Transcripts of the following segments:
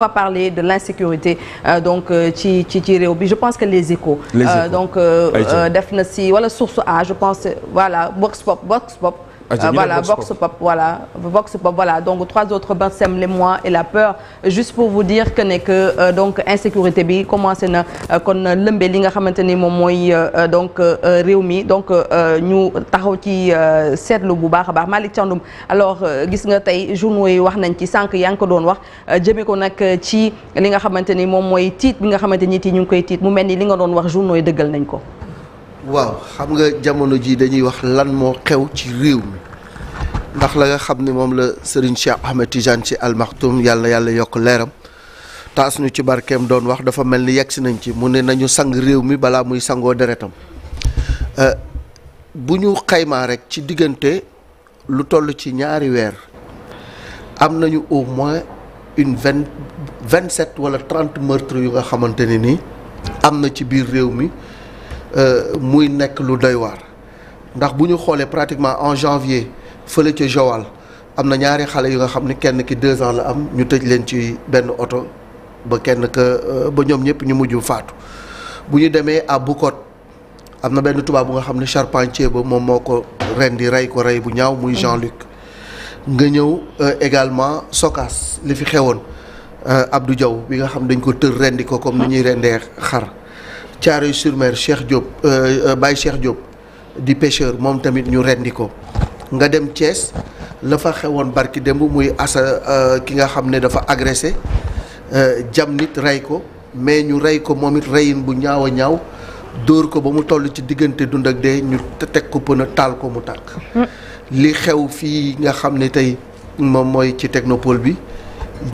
on va parler de l'insécurité euh, donc euh, ci ci ci réew bi je pense que les échos, euh, donc euh, def na si wala source A je pense voilà Vox Pop Vox Pop Ah, euh, voilà Vox Pop voilà Vox Pop voilà donc trois autres Barthélemy Mois et la peur juste pour vous dire que ne que euh, donc insécurité bi commencé na euh, kon lëmbee li nga xamante ni moom mooy donc réew mi donc ñu taxaw ci seetlu bu baax a baax Malick Thiandoum alors gis nga tey journaux yi wax nañ ci sànq yaa ngi ko doon wax jëmee ko nag ci li nga xamante ni moom mooy tiit bi nga xamante ni ñu ngi koy tiit mu mel ni li nga doon wax journaux yi dëggal nañ ko waaw xam nga jamono ji dañuy wax lan moo xew ci réew mi ndax la nga xam ne moom la Serigne Cheikh Ahmed Tidiane ci almaxtum yàlla yàlla yokk leeram taas ñu ci barkeem doon wax dafa mel ni yegg si nañ ci mu ne nañu sang réew mi balaa muy sangoo deretam euh, bu ñu xaymaa rek ci diggante lu toll ci ñaari weer am nañu au moins une vingt vingt sept wala trente meurtres yu nga xamante ne nii am na ci biir réew mi. Euh, muy nekk lu doy ndax bu ñu xoolee pratiquement en janvier fële ca Joal am na ñaari xale yu nga xam ni kenn ki deux ans la am ñu tëj leen ci benn oto ba kenn ka euh, ba ñoom ñëpp ñu mujj faatu bu ñu demee bu Bukot am na benn tubaab bu nga xam ne charpentier ba moom moo ko ren di rey ko rey bu ñaaw muy Jean-Luc nga ñëw euh, également Sokas li fi xewoon Abdou jaw bi nga xam dañ ko tër rendi ko comme ni ñuy rendee xar Thiaroye-sur-Mer Cheikh Diop euh, euh, Baye Cheikh Diop di pêcheur moom tamit ñu rendi ko nga dem cees la fa xewoon barki démb muy asa euh, ki nga xam ne dafa agressé jam nit rey ko mais ñu rey ko moom it reyin bu ñaaw a ñaaw dóor ko ba mu toll ci diggante dund ak dee ñu teg ko pën taal ko mu tàkk li xew fii nga xam ne tey moom mooy ci technopole bi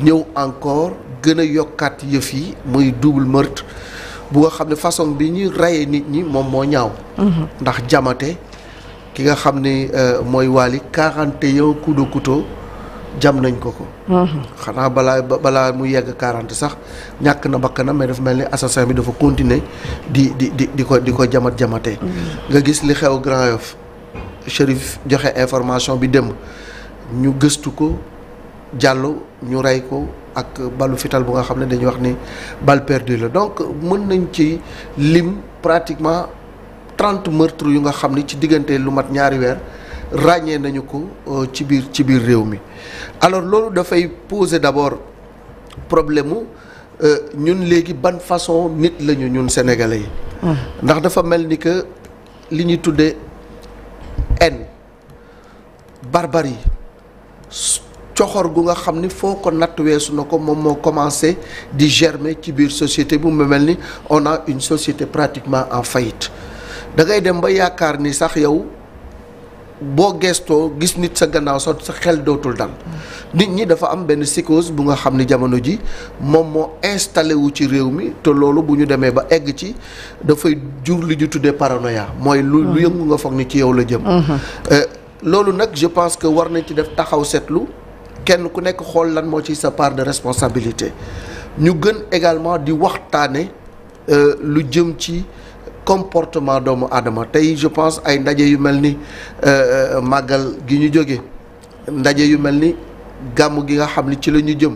ñëw encore gën a yokkaat yëf yi muy double meurtre bu nga xam ne façon bi ñuy raye nit ñi moom moo ñaaw mhm. ndax jamate ki nga xam ne euh, mooy waali quarante et un jam nañ ko ko mhm. xanaa balaa balaa mu yegg quarante sax ñàkk na bakkanam mais dafa mel ni assassin bi dafa continuer di di di di ko di ko jamat jamatee mhm. nga gis li xew Grand Yoff Chérif joxe information bi démb ñu gëstu ko Diallo ñu rey ko ak balu fital bu nga xam ne dañuy wax ni balle perdue la donc mën nañ ci lim pratiquement trente meurtres yu nga xam ni ci diggante lu mat ñaari weer ràññee nañu ko euh, ci biir ci biir réew mi alors loolu dafay poser d'abord problème mu euh, ñun léegi ban façon nit lañu ñun sénégalais yi. ndax dafa mel ni que li ñuy tuddee haine barbarie coxor gu nga xam ni foo ko natt weesu na ko moom moo commencé di germer ci biir société bu mu mel ni on a une société pratiquement en faillite da ngay dem ba yaakaar ni sax yow boo gestoo gis nit sa gannaaw sa sa xel dootul dal nit ñi dafa am benn psychose bu nga xam ni jamono ji moom moo installé wu ci réew mi te loolu bu ñu demee ba egg ci dafay jur li ju tuddee paranoïa mooy lu lu mm-hmm. yëngu nga foog ni ci yow la jëm mm-hmm. euh, loolu nag je pense que war nañ ci def taxaw seetlu kenn ku nekk xool lan moo ci sa par de responsabilité ñu gën également di waxtaane euh, lu jëm ci comportement doomu aadama tey je pense ay ndaje yu mel ni euh, euh, màggal gi ñu jóge ndaje yu mel ni gàmm gi nga xam ni ci la ñu jëm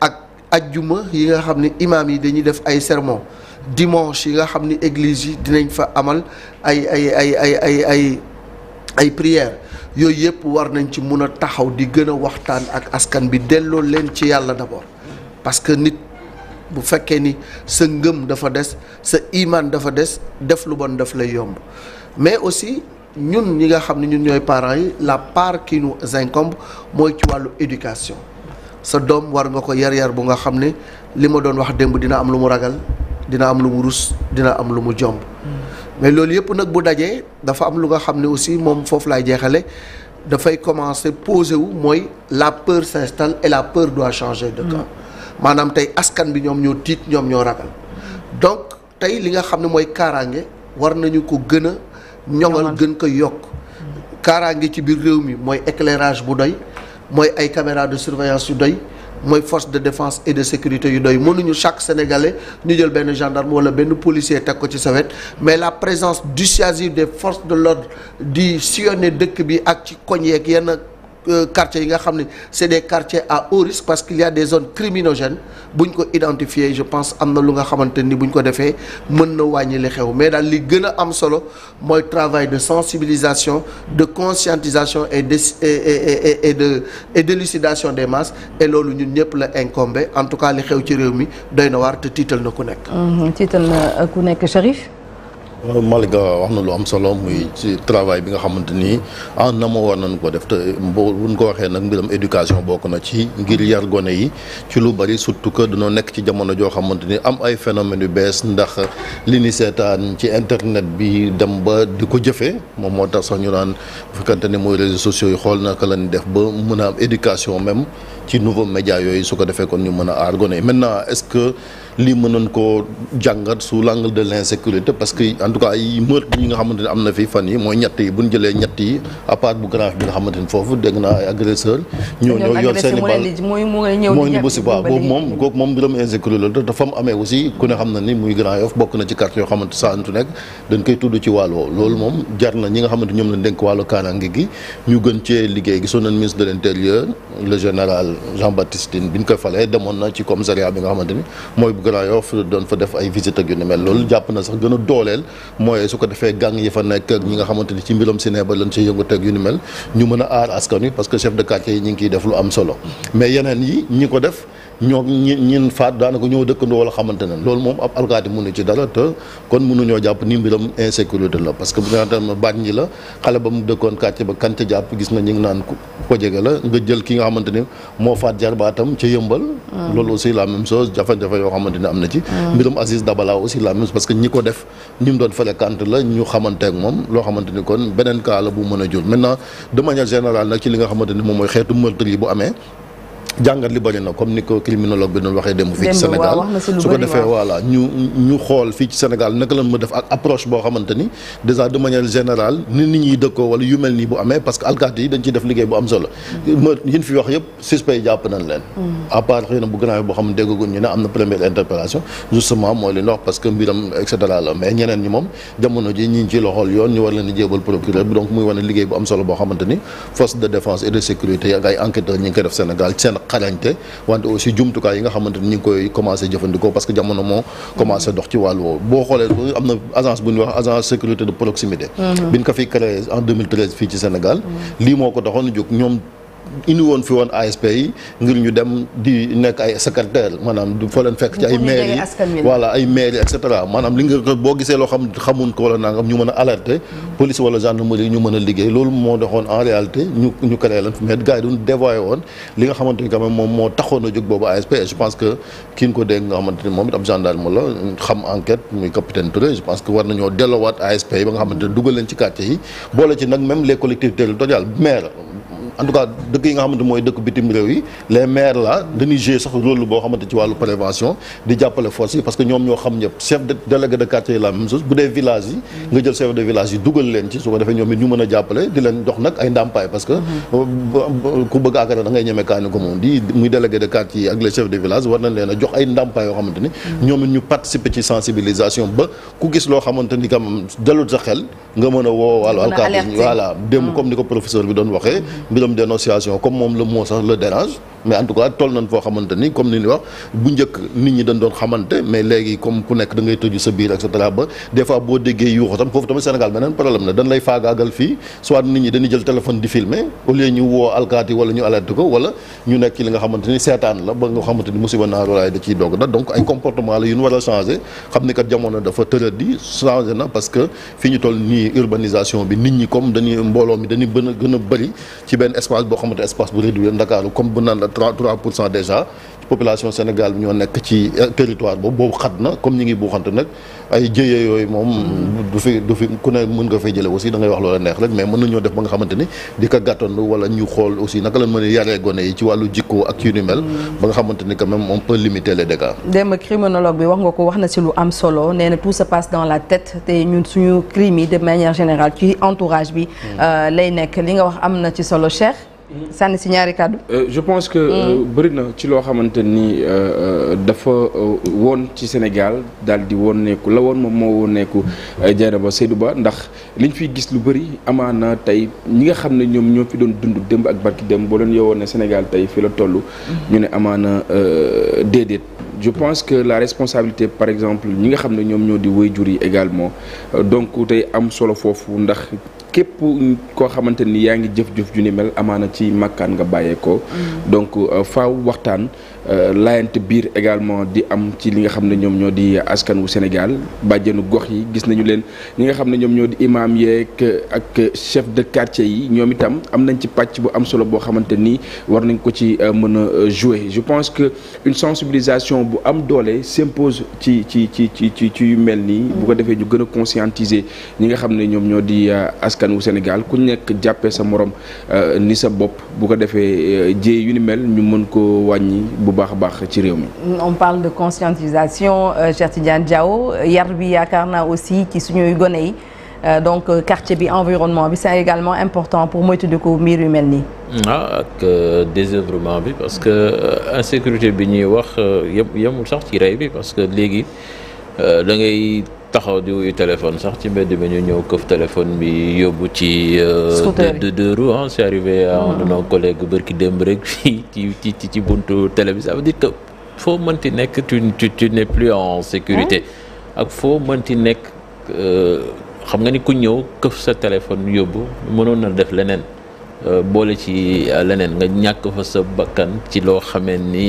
ak ajjuma yi nga xam ni imam yi dañuy def ay sermon dimanche yi nga xam ni église yi dinañ fa amal ay ay ay ay ay ay ay prières yooyu yëpp war nañ ci mun a taxaw di gën a waxtaan ak askan bi delloo leen ci yàlla d'abord parce que nit bu fekkee ni sa ngëm dafa des sa imaan dafa des def lu bon daf lay yomb mais aussi ñun ñi nga xam ne ñun ñooy parents yi la part qui nous incombe mooy ci wàllu éducation sa doom war nga ko yar-yar bu nga xam ne li ma doon wax démb dina am lu mu ragal dina am lu mu rus dina am lu mu jomb mais loolu yëpp nag bu dajee dafa am lu nga xam ne aussi moom foofu laay jeexale dafay commencer poser wu mooy la peur s'installe et la peur doit changer de camp mm. maanaam tey askan bi ñoom ñoo tiit ñoom ñoo ragal donc tey li nga xam ne mooy kaaraange war nañu ko gën a ñoŋal gën koy yokk mm. kaaraange ci biir réew mi mooy éclairage bu doy mooy ay caméra de surveillance yu doy mooy force de défence et de sécurité yu doy mënuñu chaque sénégalais ñu jël benn gendarme wala benn policier teg ko ci sawet mais la présence dissuasive des force de l'ordre di sillonner dëkk bi ak ci koñ yeeg yenn Euh, quartiers yi nga xam ne c'est des quartiers à haut risque parce qu'il y a des zones criminogènes buñ ko identifier je pense am na lu nga xamante ni buñ ko defee mën na wàññi li xew mais daal li gën a am solo mooy travail de sensibilisation de conscientisation et de et et de et d'élucidation des masses et loolu ñun ñëpp la incombé en tout cas li xew ci réew mi doy na waar te tiital na ku nekk. Mhm, Euh, Malick wax na lu am solo muy ci travail bi nga xamante ni en ah, na ma war nañ ko def te boo buñ ko waxee nag mbiram éducation bokk na ci ngir yar gone yi ci lu bari surtout que dañoo nekk ci jamono joo xamante ni am ay phénomènes yu bees ndax li ni seetaan ci internet bi dem ba di ko jëfee moom moo tax sax ñu naan bu fekkante ni mooy réseaux sociaux yi xool naka lañ def ba mën a am éducation même. ci nouveau média yooyu su ko defee kon ñu mën a aar gone maintenant est-ce que lii mënoon koo jàngat sous l'angle de l'insécurité parce que en tout cas ay meurtre nga xamante ne am na fi fan yi mooy ñett yi bu ñu jëlee ñett yi à part bu grave bi nga xamante ni foofu dégg naa ay agresseur ñoo ñëw yor seen i bal moo ñu busi moom kooku moom mbiram insécurité la dafa mu amee aussi ku ne xam na ni muy Grand Yoff bokk na ci quartier yoo xamante saa antu nekk dañ koy tudd ci wàllu loolu moom jar na ñi nga xamante ñoom lañ dénk wàllu kaaraange gi ñu gën cee liggéey gisoon nañ ministre de l'intérieur Jean Baptiste Tine bi ñu koy falee demoon na ci commissariat bi nga xamante ni mooy bu Grand Yoff doon fa def ay visite yu ni mel loolu jàpp na sax gën a dooleel mooy su ko defee gang yi fa nekk ak ñi nga xamante ci mbiram ciné ba lañ ci yëngu yu ni mel ñu mën a aar askan wi parce que chef de quartier yi ñu ngi kiy def lu am solo mais yeneen yi ñi ko def ñoom ñi ñin faat daanaka ñoo dëkkandoo wala xamante ne loolu moom ab alkaati mënu ci dara te kon mënuñoo jàpp ni mbiram insécurité la parce que bu nga xam ne bàñ ñi la xale ba mu dëkkoon kàcce ba kante moo faat jarbaatam ca ah. ah. moom loo xamante kon beneen cas bu mën a jur maintenant de manière nag ci li nga xamante moom mooy xeetu meurtre yi bu amee jàngat li bëri na comme ni ko criminologue bi doon waxee démb fii ci Sénégal su ko defee voilà ñu xool fii ci Sénégal naka lan ma def ak approche boo xamante ni déjà de manière ni nit ñi dëkkoo wala yu mel nii bu amee parce que alkaati yi dañ ciy def liggéey bu am solo yi ñu hmm. parce que mbiram et la mais ñeneen ñi moom jamono ji ñi ngi ci loxool yoon ñu war leen di procureur donc muy wane liggéey bu am solo boo xamante force de défense xarañte wante aussi jumtukaay yi nga xamante ni koy commencé jëfandikoo parce que jamono moo commencé dox ci wàllu woowu boo xoolee am na agence bu ñuy wax agence sécurité de proximité mhm. bi ñu fi créé en fii ci Sénégal mhm. lii moo ko taxoon jóg ñoom indi woon fi woon ASP yi ngir ñu dem di nekk ay secrétaire maanaam du fa leen fekk ci ay maire yi voilà ay maire yi et maanaam li nga boo gisee loo xam xamun ko wala nangam ñu mën a alerter mm-hmm. police wala gendarmerie ñu mën a liggéey loolu moo doxoon en réalité ñu ñu créé woon li nga xamante ni quand même moom moo taxoon a jóg boobu pense que kiin ko dégg nga xamante ni moom it ab gendarme la xam enquête muy capitaine Touré je pense que war nañoo delloowaat ASP yi ba nga xamante ne dugal leen ci quartier yi boole ci nag même les collectivités territoriales maire en tout cas dëkk yi nga xamante mooy dëkk bitim réew yi les maires là dañuy jouer sax rôle boo xamante ci wàllu prévention di jàppale force yi parce que ñoom ñoo xam ñëpp chef de délégué de quartier yi la même chose bu dee village yi nga jël leen ci su ko defee ñoom a jàppale di leen parce que ku bëgg akara da ngay ñemee kaani ko moom di de quartier yi ak les chefs de village war nañ leen a jox ay ndàmpaay yoo xamante ni ñoom ñu participer ci sensibilisation ba ku gis loo xamante ni kam dalul sa xel nga mën a woo wàllu alkaati voilà dem mm. comme ni ko professeur bi doon waxee mbiram boo déggee yuuxu tam foofu tamit Sénégal beneen problème la dañ faagaagal fii soit nit ñi dañuy jël téléphone di filmer au ñu woo alkaati wala ñu alerte ko wala ñu nekk li nga xamante seetaan la ba nga xamante ni musiba naarulaay da ciy doog da donc ay comportement la yu ñu war a changé xam ni kat jamono dafa tërët di changé na parce que fi ñu toll nii urbanisation bi nit ñi comme dañuy mbooloo mi dañuy gën a gën ci benn benn espace boo xamante espace bu réduit Ndakaaru comme bu naan la 3 pour cent déjà population Sénégal bi ñoo nekk ci euh, territoire boobu xat na comme ñi ngi buuxante nag ay jéyee yooyu moom mm-hmm. du fi ku ne mën nga fay jële aussi da ngay wax loola neex rek mais mën nañoo def ba nga xamante ni di ko ñu xool aussi naka lañ mën a gone yi ci wàllu jikko ak yu ni mm-hmm. ba nga xamante ni quand même on peut limiter les criminologue bi wax Cheikh. sànni si ñaari kàddu. Euh, je pense que euh, mm. bëri na ci loo xamante ni euh, dafa woon ci Sénégal daal di woon nekku la woon moom moo woon nekku Dieynaba Seydou Ba ndax liñ fiy gis lu bëri amaana tey ñi nga xam ne ñoom ñoo fi doon dund démb ak barki démb boo leen yowoon ne Sénégal tey fi la toll. Mm-hmm. ñu ne amaana déedéet. je pense que la responsabilité par exemple ñi nga xam ne ñoom ñoo di waajur yi également donc tey am solo foofu ndax. képp koo xamante ni yaa ngi jëf-jëf ju ni mel amaana ci màkkaan nga bàyyeekoo. Mm. donc euh, faaw waxtaan euh, layante biir également di am ci li nga xam ne ñoom ñoo di askan Sénégal bàjjenu gox yi gis nañu leen ñi nga xam ne ñoom ñoo di imaam yeeg ak chef de quartier yi ñoom itam am nañ ci pàcc bu am solo boo xamante nii war nañ ko ci euh, mën a jouer je pense que une sensibilisation bu am doole s'impose ci ci ci ci ci yu mel nii. Mm. bu ko defee ñu gën a conscientiser ñi nga xam ne ñoom ñoo di aska askan wu Sénégal ku nekk jàppee sa morom euh, ni sa bopp bu defee euh, jéey yu ni mel ñu mën ko wàññi bu baax a baax ci réew mi. on parle de conscientisation euh, Cheikh Tidiane Diaw yar bi yaakaar na aussi ki suñuy gone yi. donc quartier bi environnement bi c'est également important pour moytandiku mbir yu mel nii. Mm. ah ak désœuvrement bi parce que insécurité bi ñuy wax yem yemul sax ci rey bi parce que léegi da taxaw di wuyu téléphone sax ci mbedd mi ñu ñëw këf téléphone bi yóbbu ci. Euh, de deux roues ah c'est arrivé à un ah. de nos bërki démb rek fii ci ci buntu télé bi ça veut foo mënti nekk tu tu sécurité. ak foo mënti nekk euh, xam nga ni ku ñëw këf sa téléphone yóbbu mënoon na def leneen. Euh, boole ci leneen nga ñàkk fa sa bakkan ci loo xamee ni.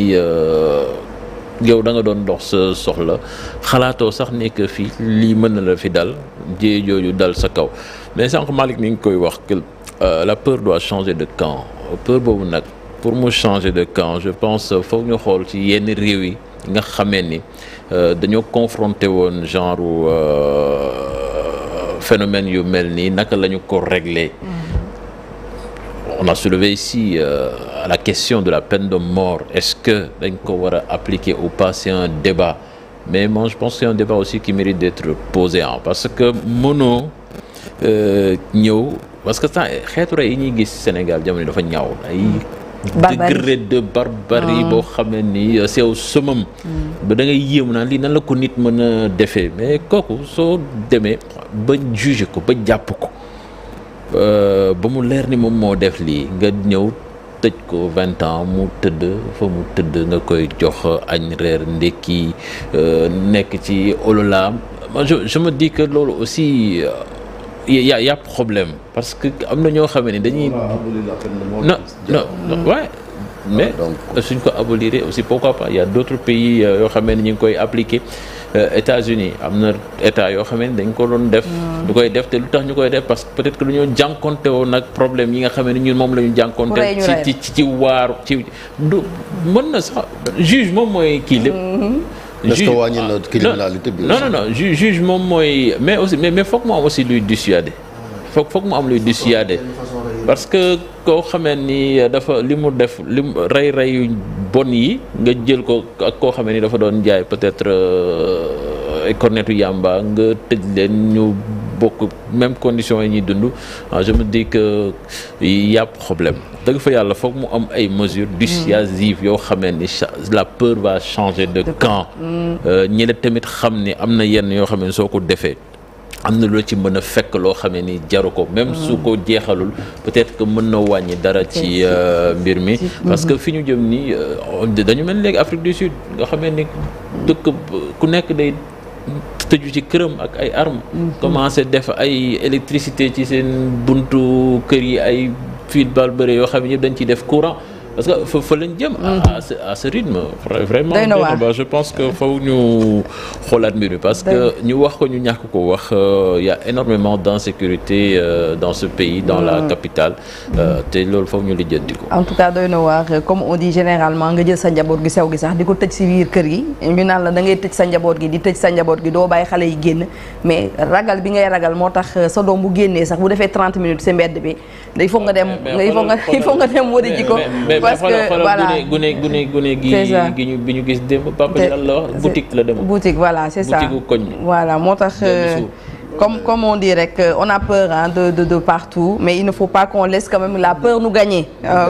yow da nga doon dox sa soxla xalaatoo sax ni que fii lii mën na la fi dal jee jooju dal sa kaw mais sànq Malick mi ngi koy wax que euh, la peur doit changer de camp peur boobu nag pour mu changer de camp je pense foog ñu xool ci yenn réew yi nga xamee ni euh, dañoo confronté woon genre euh, phénomène yu mel nii naka la ñu ko régler mm. on a soulevé si euh, la question de la peine de mort est-ce que dañ ko war a appliquer ou pas c'est un débat mais moi je pense que c'est un débat aussi qui mérite d'être posé en parce que mënoo euh, ñëw parce que ça xeetu rey yi ñuy gis Sénégal jamono dafa ñaaw ay degré de ah. boo xam ne nii euh, sew sëmam mm. ba da ngay yéemu naan lii nan la ko nit mën a defee mais kooku soo demee ba juger ko ba jàpp ko Euh, ba mu leer ni moom moo def lii nga ñëw tëj ko vingt ans mu tëdd fa mu tëdd nga koy jox añ reer ndekki euh, nekk ci ololaam je je me dis que loolu aussi euh, y a y problème parce que am na ñoo xamee ni dañuy. non non non waaw mm. mais suñ ko abolir aussi pourquoi pas y a d'autres yoo xamee ni ñu ngi koy appliquer. Euh, États-Unis am na état yoo xam ne dañ ko doon def. Mm. du koy def te lu tax ñu koy def parce que peut-être que dañoo jànkonte woon nag problème yi nga xam ne ñun moom la ñu ci waaru ci na sax juge moom mooy kii lépp. Mm-hmm. est-ce que wàññi na ah, bi. non non non juge moom mooy mais aussi mais mais foog mu am aussi luy dissuader. foog foog mu am luy dissuader. parce que koo xamee ni dafa li mu def li mu rey-rey bon yi nga jël ko ak koo xamee ni dafa doon jaay peut-être euh, ay cornetu yàmba nga tëj leen ñu bokk même condition yi ñuy dund ah, je me dis que y a problème fa yàlla foog mu am ay mesures mm. dissuasives yoo xamee ni la peur va changer de camp mm. euh, ñi la tamit xam ni am na yenn yoo xam ne soo ko defee am na loo ci mën a fekk loo xamee ni jaru ko même su ko jeexalul peut-être que mën na wàññi dara ci euh, mbir mi parce que fi ñu jëm nii euh, dañu mel léegi Afrique du Sud nga xamee ni dëkk ku nekk day tëju ci këram ak ay arm mhm. commencé def ay électricité ci seen buntu kër yi ay fuite bal bëre yoo xam ne yëpp dañ ciy def courant parce que fa fa lañ jëm. à mhm. ce rythme. na ba je pense que faw ñu xoolaat mbir mi parce que ñu wax ko ñu ñax ko wax euh, y a énormément d'insécurité euh, dans ce pays dans la capitale euh, te loolu faw ñu lijjanti ko. en tout cas dooy na waar comme on dit généralement nga jël sa njaboot gi sew gi sax di ko tëj ci wiir kër gi ñu naan la da ngay tëj sa njaboot gi di tëj sa njaboot gi doo bàyyi xale yi génn mais ragal bi ngay ragal moo tax sa doom bu génnee sax bu defee 30 minutes ci mbedd bi il dem parce que voilà gune gune gune gi gi ñu bi ñu gis démb papa ji la wax boutique la dem boutique voilà moo tax euh, comme comme on dit rek euh, on a peur hein, de de partout mais il ne faut pas qu'on laisse la peur nous gagner euh,